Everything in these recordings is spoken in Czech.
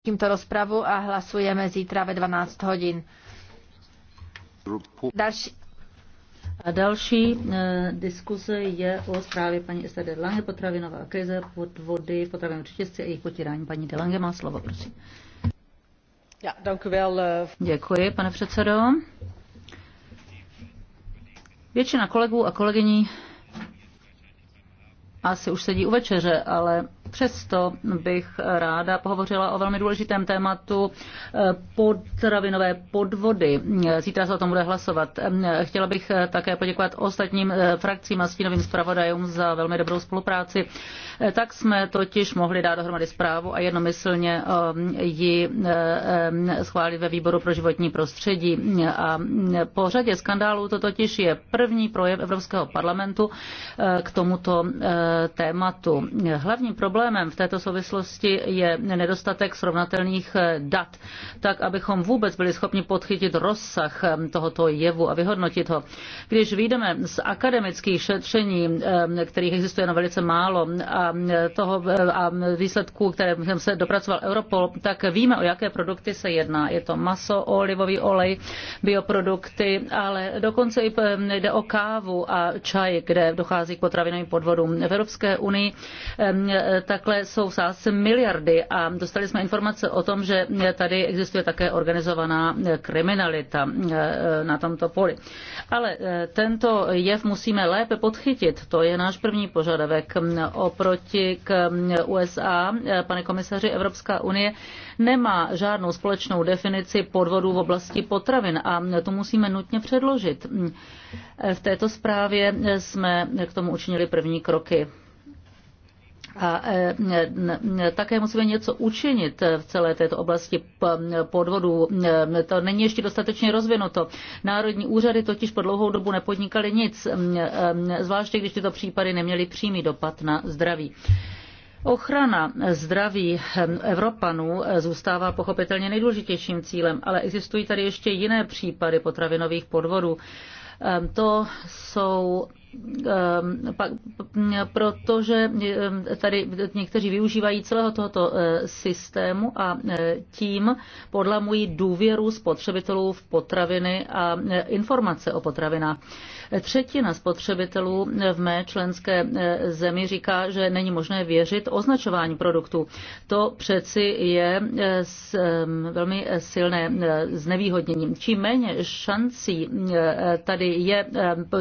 tímto rozpravu a hlasujeme zítra ve 12 hodin. Další. A další e, diskuze je o zprávě paní Esther de Lange, potravinová krize, podvody, potravinové řetězce a jejich potírání. Paní de Lange má slovo, prosím. Ja, dank u wel. Eh. Děkuji, pane předsedo. Většina kolegů a kolegyní asi už sedí u večeře, ale Přesto bych ráda pohovořila o velmi důležitém tématu eh, potravinové podvody. Zítra se o tom bude hlasovat. Eh, chtěla bych eh, také poděkovat ostatním frakcím a stínovým zpravodajům za velmi dobrou spolupráci. Tak jsme totiž mohli dát dohromady zprávu a jednomyslně ji schválit ve výboru pro životní prostředí. A po řadě skandálů to totiž je první projev Evropského parlamentu k tomuto tématu. hlavní problémem problémem v této souvislosti je nedostatek srovnatelných eh, dat, tak abychom vůbec byli schopni podchytit rozsah eh, tohoto jevu a vyhodnotit ho. Když vyjdeme z akademických šetření, eh, kterých existuje jenom velice málo, a, toho, a výsledků, které se dopracoval Europol, tak víme, o jaké produkty se jedná. Je to maso, olivový olej, bioprodukty, ale dokonce i jde o kávu a čaj, kde dochází k potravinovým podvodům. V Evropské unii takhle jsou v sázce miliardy a dostali jsme informace o tom, že tady existuje také organizovaná kriminalita eh, na tomto poli. Ale eh, tento jev musíme lépe podchytit, to je náš první požadavek oproti k USA, eh, pane komisaři, Evropská unie nemá žádnou společnou definici podvodů v oblasti potravin a to musíme nutně předložit. V této zprávě jsme k tomu učinili první kroky. A e, také musíme něco učinit v celé této oblasti podvodů. E, to není ještě dostatečně rozvinuto. Národní úřady totiž po dlouhou dobu nepodnikaly nic, zvláště když tyto případy neměly přímý dopad na zdraví. Ochrana zdraví Evropanů zůstává pochopitelně nejdůležitějším cílem, ale existují tady ještě jiné případy potravinových podvodů. E, to jsou Ehm, protože ehm, tady někteří využívají celého tohoto eh, systému a eh, tím podlamují důvěru spotřebitelů v potraviny a eh, informace o potravinách. Třetina spotřebitelů v mé členské zemi říká, že není možné věřit označování produktů. To přeci je ehm, velmi silné znevýhodnění. Čím méně šancí tady je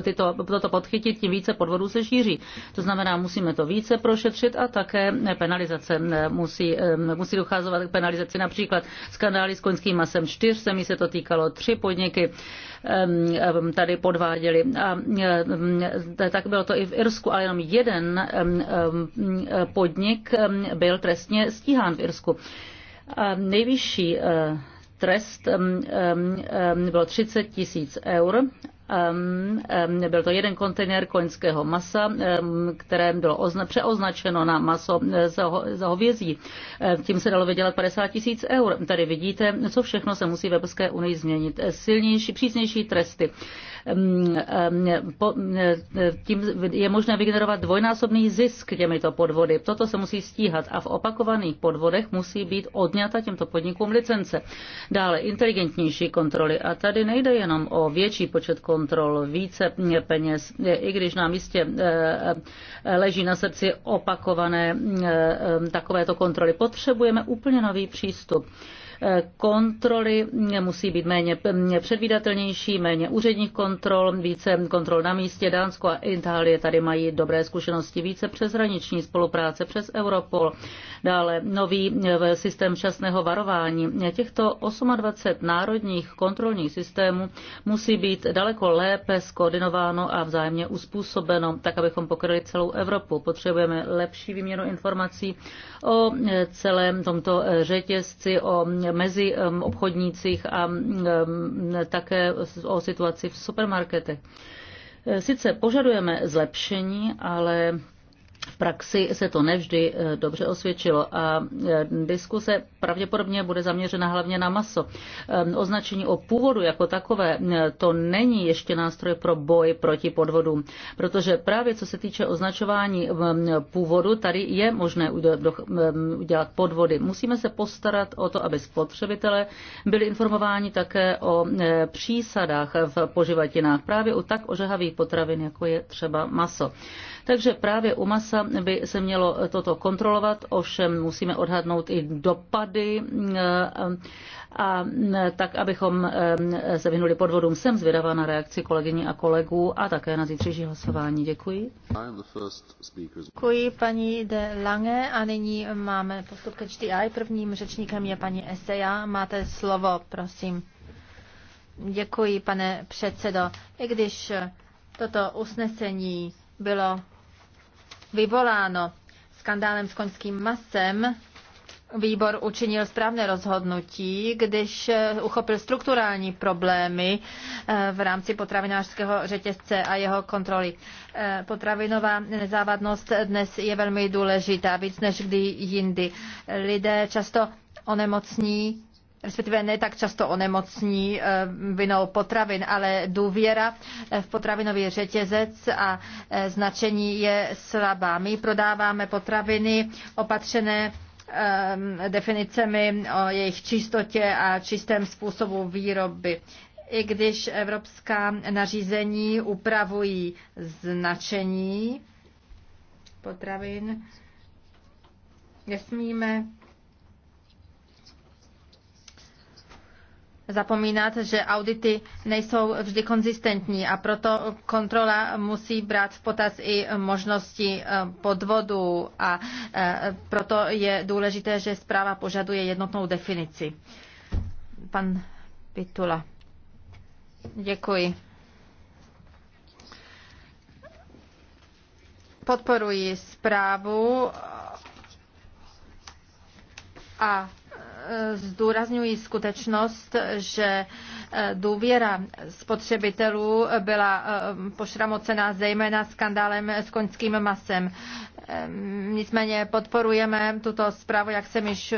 tyto, toto podchytit, chytit, tím více podvodů se šíří. To znamená, musíme to více prošetřit a také penalizace. Eh, musí, eh, musí docházovat k penalizaci například skandály s koňským masem 4, se mi se to týkalo tři podniky ehm, ehm, tady podváděli. A eh, tak bylo to i v Irsku, ale jenom jeden ehm, podnik byl trestně stíhán v Irsku. A nejvyšší trest bylo 30 tisíc eur byl to jeden kontejner koňského masa, které bylo přeoznačeno na maso eh, za hovězí. Eh, tím se dalo vydělat 50 tisíc eur. Tady vidíte, co všechno se musí v Evropské unii změnit. Eh, silnější, přísnější tresty. Tím je možné vygenerovat dvojnásobný zisk těmito podvody. Toto se musí stíhat a v opakovaných podvodech musí být odňata těmto podnikům licence. Dále inteligentnější kontroly. A tady nejde jenom o větší počet kontrol, kontrol, více peněz, i když nám jistě eh, eh, leží na srdci opakované eh, takovéto kontroly. Potřebujeme úplně nový přístup Kontroly musí být méně předvídatelnější, méně úředních kontrol, více kontrol na místě. Dánsko a Itálie tady mají dobré zkušenosti, více přeshraniční spolupráce přes Europol, dále nový eh, systém časného varování. Těchto 28 národních kontrolních systémů musí být daleko lépe skoordinováno a vzájemně uspůsobeno, tak abychom pokryli celou Evropu. Potřebujeme lepší výměnu informací o eh, celém tomto eh, řetězci, o mezi um, obchodnících a um, také o situaci v supermarketech. Sice požadujeme zlepšení, ale v praxi se to nevždy eh, dobře osvědčilo a eh, diskuse pravděpodobně bude zaměřena hlavně na maso. Ehm, označení o původu jako takové eh, to není ještě nástroj pro boj proti podvodům, protože právě co se týče označování ehm, původu, tady je možné ehm, udělat podvody. Musíme se postarat o to, aby spotřebitelé byli informováni také o přísadách v poživatinách, právě u tak ožehavých potravin, jako je třeba maso. Takže právě u masa by se mělo toto kontrolovat, ovšem musíme odhadnout i dopady eh, a eh, tak, abychom eh, se vyhnuli podvodům. Jsem zvědavá na reakci kolegyní a kolegů a také na zítřejší hlasování. Děkuji. Děkuji paní de Lange a nyní máme postup ke čtyři. Prvním řečníkem je paní Eseja. Máte slovo, prosím. Děkuji, pane předsedo. I když toto usnesení bylo vyvoláno skandálem s koňským masem, výbor učinil správné rozhodnutí, když eh, uchopil strukturální problémy eh, v rámci potravinářského řetězce a jeho kontroly. Eh, potravinová nezávadnost dnes je velmi důležitá, víc než kdy jindy. Lidé často onemocní respektive ne tak často onemocní eh, vinou potravin, ale důvěra eh, v potravinový řetězec a eh, značení je slabá. My prodáváme potraviny opatřené definicemi o jejich čistotě a čistém způsobu výroby. I když evropská nařízení upravují značení potravin, nesmíme zapomínat, že audity nejsou vždy konzistentní a proto kontrola musí brát v potaz i možnosti eh, podvodu a eh, proto je důležité, že zpráva požaduje jednotnou definici. Pan Pitula. Děkuji. Podporuji zprávu a zdůrazňují skutečnost, že eh, důvěra spotřebitelů byla eh, pošramocená zejména skandálem s koňským masem. Eh, nicméně podporujeme tuto zprávu, jak jsem již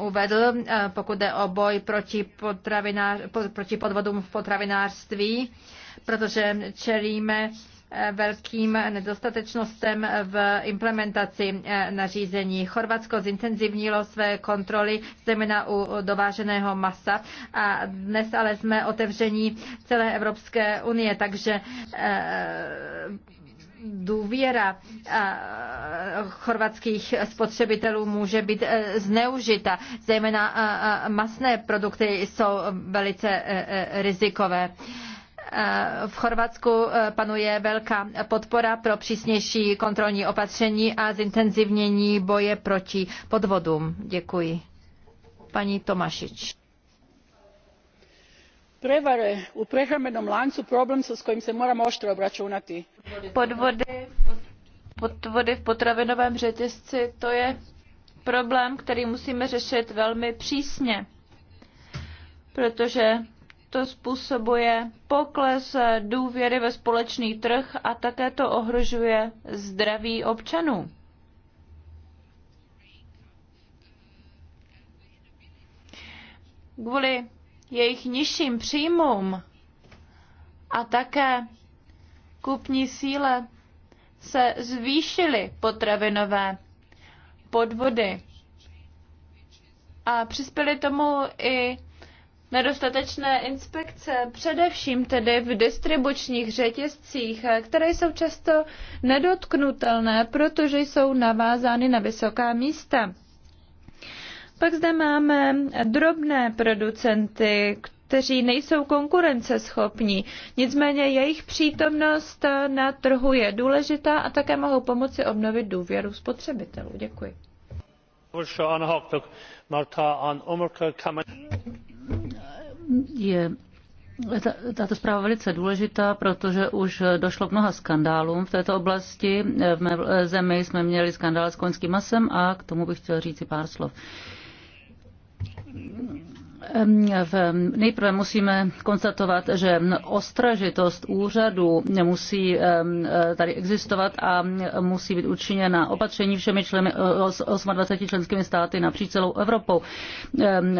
uvedl, pokud jde o boj proti, proti podvodům v potravinářství, protože čelíme velkým nedostatečnostem v implementaci eh, nařízení. Chorvatsko zintenzivnilo své kontroly, zejména u dováženého masa a dnes ale jsme otevření celé Evropské unie, takže eh, důvěra eh, chorvatských spotřebitelů může být zneužita. Zejména masné produkty jsou velice rizikové. Eh, v Chorvatsku eh, panuje velká podpora pro přísnější kontrolní opatření a zintenzivnění boje proti podvodům. Děkuji. Paní Tomašič. Prevare u prehrambenom lancu problem s kterým se moramo oštro obračunati. Podvody, podvody v potravinovém řetězci, to je problém, který musíme řešit velmi přísně, protože to způsobuje pokles důvěry ve společný trh a také to ohrožuje zdraví občanů. Kvůli jejich nižším příjmům a také kupní síle se zvýšily potravinové podvody. A přispěly tomu i nedostatečné inspekce, především tedy v distribučních řetězcích, které jsou často nedotknutelné, protože jsou navázány na vysoká místa. Pak zde máme drobné producenty, kteří nejsou konkurenceschopní. Nicméně jejich přítomnost na trhu je důležitá a také mohou pomoci obnovit důvěru spotřebitelů. Děkuji je tato zpráva velice důležitá, protože už došlo k mnoha skandálům v této oblasti. V mé zemi jsme měli skandál s koňským masem a k tomu bych chtěl říct i pár slov nejprve musíme konstatovat, že ostražitost úřadu musí e, tady existovat a musí být učiněna opatření všemi členy 28 e, členskými státy napříč celou Evropou,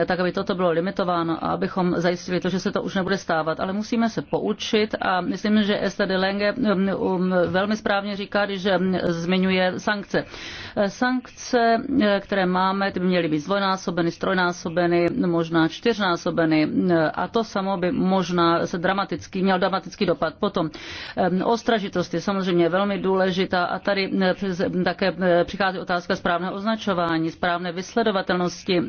tak aby toto bylo limitováno a abychom zajistili to, že se to už nebude stávat. Ale musíme se poučit a myslím, že Esther de Lange um, velmi správně říká, že zmiňuje sankce. E, sankce, které máme, ty by měly být zdvojnásobeny, strojnásobeny, možná čtyřnásobeny a to samo by možná se dramaticky, měl dramatický dopad. Potom ostražitost je samozřejmě velmi důležitá a tady také přichází otázka správného označování, správné vysledovatelnosti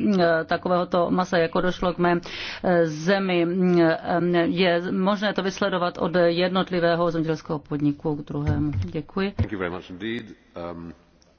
takovéhoto masa, jako došlo k mé zemi. Je možné to vysledovat od jednotlivého zemědělského podniku k druhému. Děkuji. Thank you very much indeed. Um...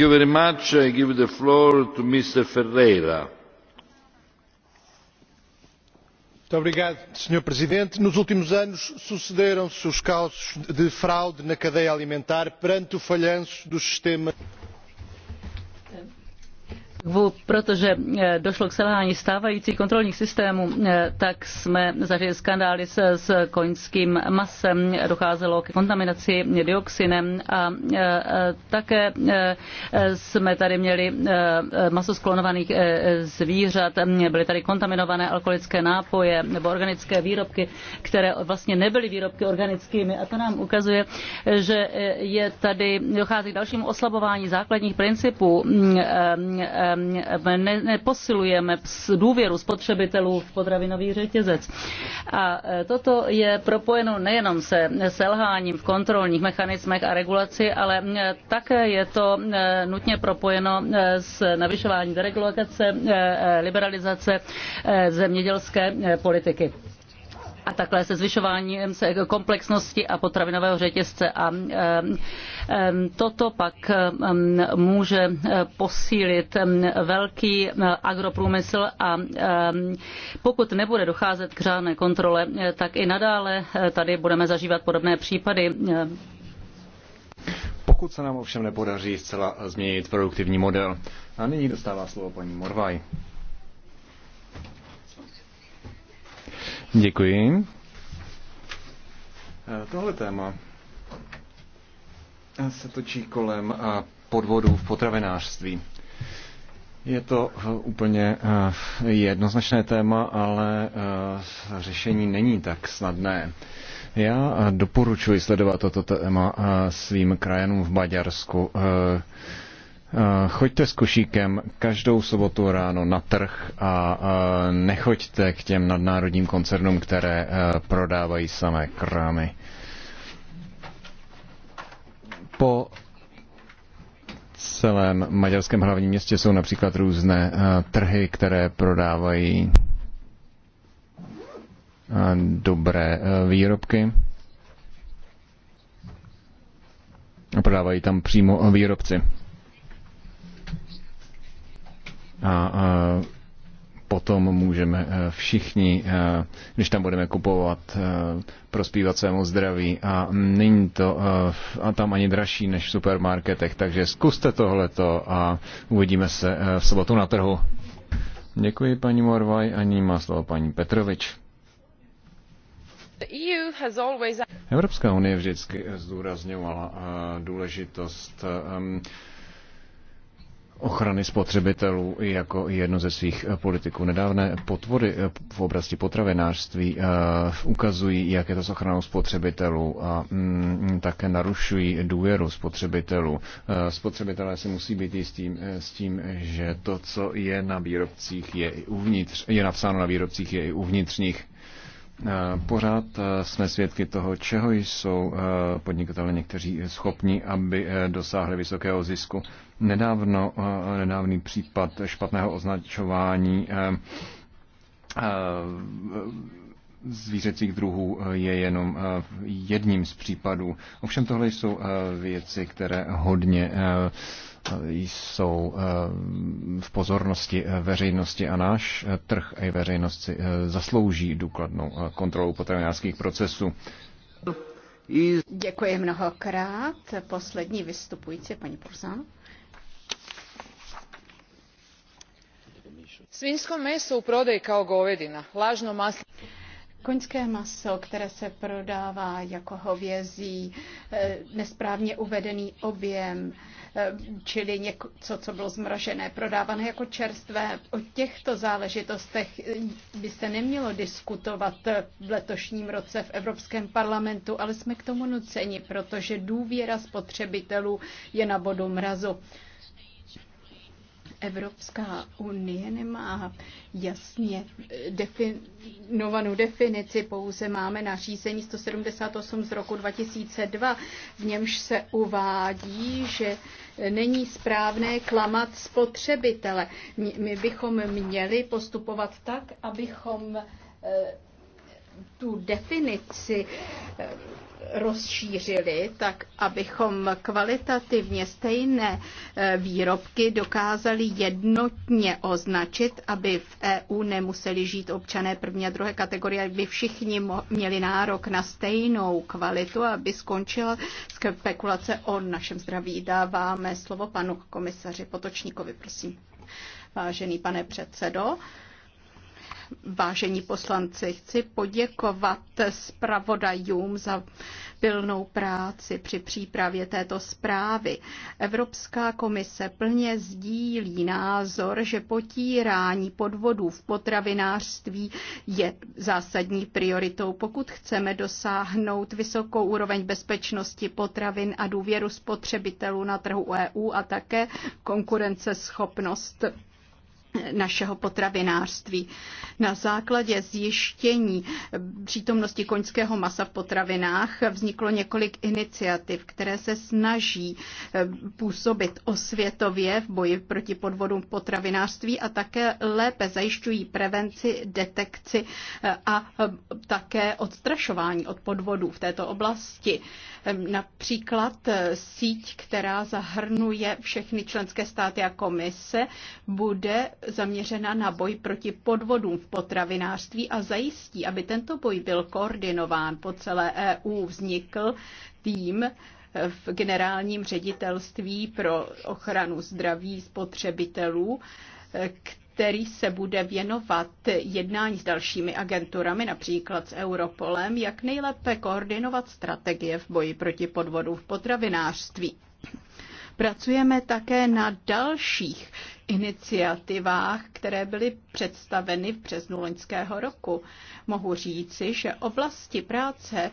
You very much. I Presidente, nos últimos anos sucederam-se os casos de fraude na cadeia alimentar perante o falhanço dos sistemas protože eh, došlo k selhání stávajících kontrolních systémů, eh, tak jsme zažili skandály s, s koňským masem, docházelo k kontaminaci dioxinem a eh, také jsme tady měli maso sklonovaných zvířat, byly tady kontaminované alkoholické nápoje nebo organické výrobky, které vlastně nebyly výrobky organickými a to nám ukazuje, že je tady dochází k dalšímu oslabování základních principů mm, Ehm, neposilujeme důvěru spotřebitelů v potravinový řetězec. A e, toto je propojeno nejenom se selháním v kontrolních mechanismech a regulaci, ale e, také je to e, nutně propojeno s navyšováním deregulace, liberalizace zemědělské politiky a takhle se zvyšováním se komplexnosti a potravinového řetězce. A toto pak může eh, posílit velký eh, agroprůmysl a pokud nebude docházet k řádné kontrole, eh, tak i nadále tady budeme zažívat podobné případy. Pokud se nám ovšem nepodaří zcela změnit produktivní model. A nyní dostává slovo paní Morvaj. Děkuji. Eh, tohle téma se točí kolem eh, podvodů v potravinářství. Je to eh, úplně jednoznačné téma, ale řešení není tak snadné. Já doporučuji sledovat toto téma svým krajanům v Maďarsku Eh, choďte s košíkem každou sobotu ráno na trh a eh, nechoďte k těm nadnárodním koncernům, které eh, prodávají samé krámy. Po celém maďarském hlavním městě jsou například různé trhy, které prodávají dobré výrobky. Prodávají tam přímo výrobci a potom můžeme e, všichni, e, když tam budeme kupovat, e, prospívat svému zdraví a není to a tam ani dražší než v supermarketech, takže zkuste tohleto a uvidíme se v sobotu na trhu. Děkuji paní Morvaj a ní má slovo paní Petrovič. Evropská unie vždycky zdůrazňovala důležitost ochrany spotřebitelů jako jedno ze svých eh, politiků. Nedávné potvory eh, v oblasti potravinářství eh, ukazují, jak je to s ochranou spotřebitelů a mm, také narušují důvěru spotřebitelů. Spotřebitelé si musí být jistým s tím, že to, co je na výrobcích, je i uvnitř, je napsáno na výrobcích, je i uvnitř nich Eh, pořád eh, jsme svědky toho, čeho jsou eh, podnikatelé někteří schopni, aby dosáhli vysokého zisku. Nedávno, nedávný případ špatného označování zvířecích druhů eh, je jenom eh, jedním z případů. Ovšem tohle jsou eh, věci, které hodně jsou v pozornosti veřejnosti a náš trh a i veřejnost si zaslouží důkladnou kontrolu potravinářských procesů. Děkuji mnohokrát. Poslední vystupující, paní Pruzan. Svinsko meso u prodaji kao govedina, lažno maslo... Koňské maso, které se prodává jako hovězí, eh, nesprávně uvedený objem, eh, čili něco, co bylo zmražené, prodávané jako čerstvé. O těchto záležitostech eh, by se nemělo diskutovat v letošním roce v Evropském parlamentu, ale jsme k tomu nuceni, protože důvěra spotřebitelů je na bodu mrazu. Evropská unie nemá jasně definovanou definici, pouze máme nařízení 178 z roku 2002, v němž se uvádí, že není správné klamat spotřebitele. My bychom měli postupovat tak, abychom eh, tu definici eh, rozšířili, tak abychom kvalitativně stejné eh, výrobky dokázali jednotně označit, aby v EU nemuseli žít občané první a druhé kategorie, aby všichni měli nárok na stejnou kvalitu, aby skončila spekulace o našem zdraví. Dáváme slovo panu komisaři Potočníkovi, prosím. Vážený pane předsedo, Vážení poslanci, chci poděkovat zpravodajům za pilnou práci při přípravě této zprávy. Evropská komise plně sdílí názor, že potírání podvodů v potravinářství je zásadní prioritou, pokud chceme dosáhnout vysokou úroveň bezpečnosti potravin a důvěru spotřebitelů na trhu EU a také konkurenceschopnost našeho potravinářství. Na základě zjištění přítomnosti koňského masa v potravinách vzniklo několik iniciativ, které se snaží eh, působit osvětově v boji proti podvodům potravinářství a také lépe zajišťují prevenci, detekci eh, a eh, také odstrašování od podvodů v této oblasti. Ehm, například síť, která zahrnuje všechny členské státy a komise, bude zaměřena na boj proti podvodům v potravinářství a zajistí, aby tento boj byl koordinován po celé EU. Vznikl tým v generálním ředitelství pro ochranu zdraví spotřebitelů, který se bude věnovat jednání s dalšími agenturami, například s Europolem, jak nejlépe koordinovat strategie v boji proti podvodům v potravinářství. Pracujeme také na dalších iniciativách, které byly představeny v březnu loňského roku. Mohu říci, že oblasti práce,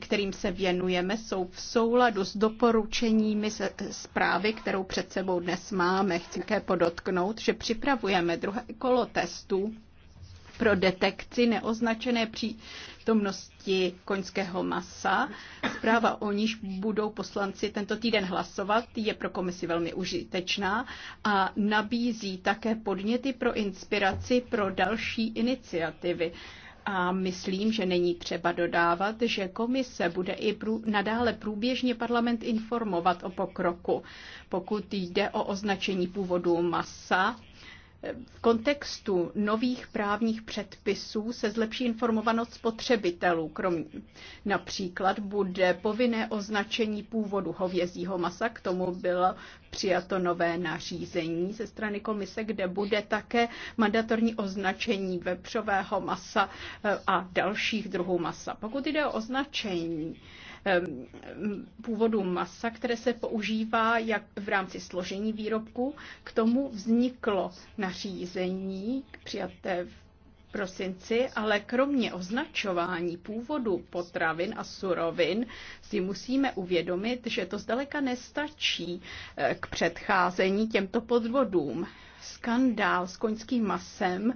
kterým se věnujeme, jsou v souladu s doporučeními zprávy, kterou před sebou dnes máme. Chci také podotknout, že připravujeme druhé kolo testů pro detekci neoznačené přítomnosti koňského masa. Zpráva, o níž budou poslanci tento týden hlasovat, je pro komisi velmi užitečná a nabízí také podněty pro inspiraci pro další iniciativy. A myslím, že není třeba dodávat, že komise bude i prů, nadále průběžně parlament informovat o pokroku. Pokud jde o označení původu masa, v kontextu nových právních předpisů se zlepší informovanost spotřebitelů. Kromě například bude povinné označení původu hovězího masa, k tomu bylo přijato nové nařízení ze strany komise, kde bude také mandatorní označení vepřového masa e, a dalších druhů masa. Pokud jde o označení, Ehm, původu masa, které se používá jak v rámci složení výrobku. K tomu vzniklo nařízení přijaté v prosinci, ale kromě označování původu potravin a surovin si musíme uvědomit, že to zdaleka nestačí eh, k předcházení těmto podvodům. Skandál s koňským masem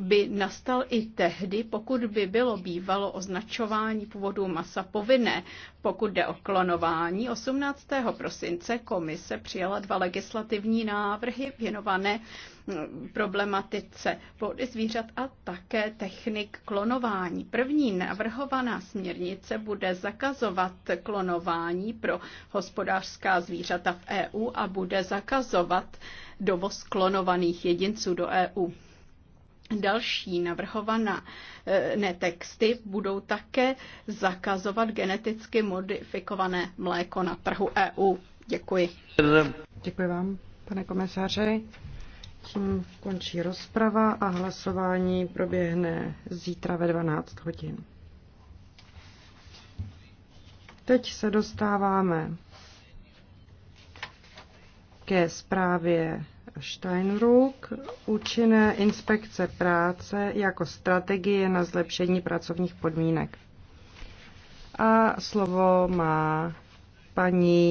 by nastal i tehdy, pokud by bylo bývalo označování původu masa povinné. Pokud jde o klonování, 18. prosince komise přijala dva legislativní návrhy věnované mm, problematice vody zvířat a také technik klonování. První navrhovaná směrnice bude zakazovat klonování pro hospodářská zvířata v EU a bude zakazovat dovoz klonovaných jedinců do EU. Další navrhované eh, ne texty budou také zakazovat geneticky modifikované mléko na trhu EU. Děkuji. Děkuji vám, pane komisaře. Tím končí rozprava a hlasování proběhne zítra ve 12 hodin. Teď se dostáváme ke zprávě Steinruck, účinné inspekce práce jako strategie na zlepšení pracovních podmínek. A slovo má paní